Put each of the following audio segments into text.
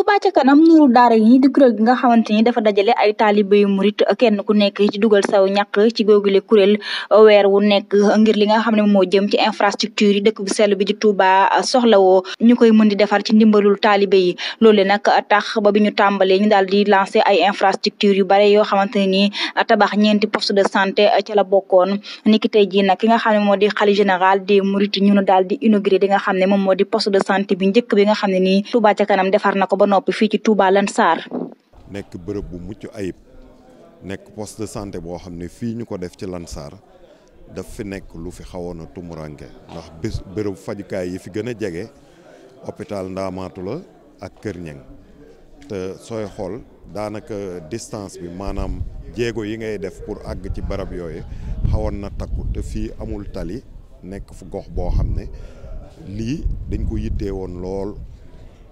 Touba ca kanam nuru daara yi di kuréel gi nga xamante ni dafa dajale ay taalibe yu murit kenn ku nekk ci dugal saw ñàq ci googule kuréel weer wu nekk ngir li nga xam ne moo jëm ci infrastructure yi dëkk bu sell bi di Touba soxlawoo ñu koy mën di defar ci ndimbalul taalibe yi loolu nag tax ba bi ñu tàmbalee ñu daal di lancer ay infrastructure yu bare yoo xamante ne ni tabax ñeenti poste de santé ca la bokkoon niki tey jii nag ki nga xam ne moo di xali général des murit ñu daal di inauguré di nga xam ne moom moo di poste de santé bi njëkk bi nga xam ne nii Touba ca kanam defar na ko noppi fii ci Touba Lansar. nekk bërëb bu mucc ayib nekk poste de santé boo xam ne fii ñu ko def ci Lansar daf fi nekk lu fi xawoon a tumuranke ndax bés bërëb fajukaay yi fi gën a jege hôpital Ndaamaatu la ak Kër Ñeng te sooy xool daanaka distance bi maanaam jéego yi ngay def pour àgg ci barab yooyu xawoon na takku te fii amul tali nekk fu gox boo xam ne lii dañ ko yittee woon lool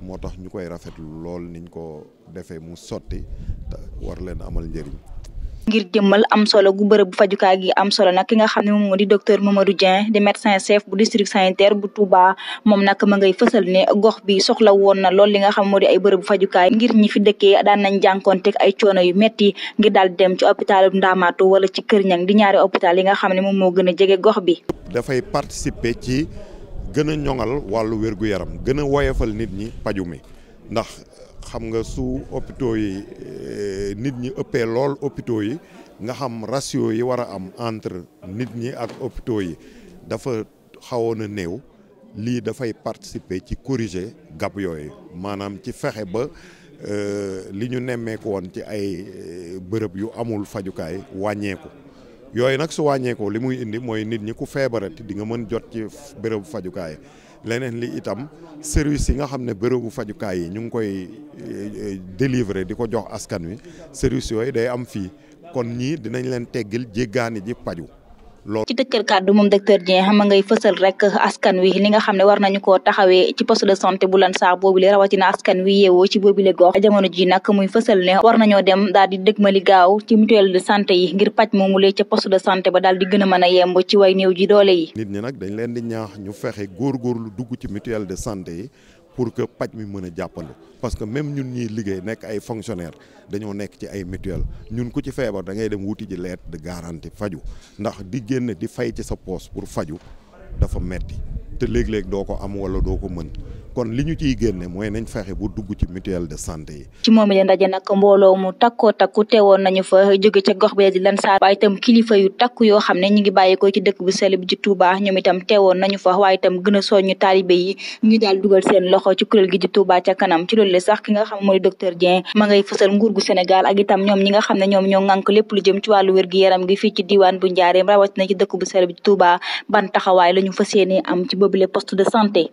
moo tax ñu koy rafet lool niñ ko defee mu sotti war leen amal njëriñ. ngir jëmmal am solo gu bërëb bu fajukaay gi am solo nag ki nga xam ne moom moo di docteur Mamadou Dieng di médecin chef bu district sanitaire bu Touba moom nag ma ngay fësal ne gox bi soxla woon na lool li nga xam moo di ay bërëb fajukaay ngir ñi fi dëkkee nañ jànkoonteeg ay coono yu metti ngir daal di dem ci hôpital Ndamatou wala ci Kër Ñang di ñaari hôpital yi nga xam ne moom moo gën a jege gox bi. dafay participer ci. gën a ñoŋal wàllu wérgu yaram gën a woyefal nit ñi paju mi ndax xam nga su hôpitaux yi eh, nit ñi ëppee lool hôpitaux yi nga xam rasio yi war a am entre nit ñi ak hôpitaux yi dafa xawoon a néew lii dafay participer ci corriger gap yooyu maanaam ci fexe ba eh, li ñu nemmeeku woon ci ay eh, bërëb yu amul fajukaay wàññeeku yooyu nag su wàññeekoo li muy indi mooy nit ñi ku feebarati di nga mën jot ci bérébu fajukaay leneen li itam service yi nga xam ne bérébu fajukaay yi ñu ngi koy eh, eh, délivrer di ko jox askan wi service yooyu day am fii kon ñii dinañ leen teggil jéggaani ji paju loolu ci tëkkal kàddu moom docteur Dieng xam ngay fësal rek askan wi li nga xam ne war nañu koo taxawee ci poste de santé bu lan saa boobule rawatina askan wi yeewoo ci boobule gox jamono ji nag muy fësal ne war nañoo dem daal di dëgmali gaaw ci mutuel de santé yi ngir paj moomulee ca poste de santé ba daal di gën a a yemb ci way néew ji doole yi nit ñi nag dañ leen di ñaax ñu fexe góorgóorlu dugg ci mutuel de santé yi pour que paj mi mën a jàppale parce que même ñun ñuy liggéey nekk ay fonctionnaire dañoo nekk ci ay mutuelle ñun ku ci feebar da ngay dem wuti ji lettre de garantie faju ndax di génn di fay ci sa poos pour faju dafa metti te léeg-léeg doo ko am wala doo ko mën kon li ñu ciy génne mooy nañ fexe bu dugg ci mutuelle de santé yi. ci moom it ndaje nag mbooloo mu takkoo takku teewoon nañu fa jóge ca gox bi di Lansar waaye itam kilifa yu takku yoo xam ne ñu ngi bàyyeekoo ci dëkk bu sell bi ci Touba ñoom itam teewoon nañu fa waaye itam gën a soññu taalibe yi ñu daal dugal seen loxo ci kuréel gi ci Touba ca kanam ci loolu sax ki nga xam mooy docteur Dieng ma ngay fësal nguur ak itam ñoom ñi nga xam ne ñoom ñoo ŋànk lépp lu jëm ci wàllu wér-gi-yaram gi fii ci diwaan bu Njaareem rawatina ci dëkk bu sell bi ci Touba taxawaay la ñu fas yéene am ci boobule poste de santé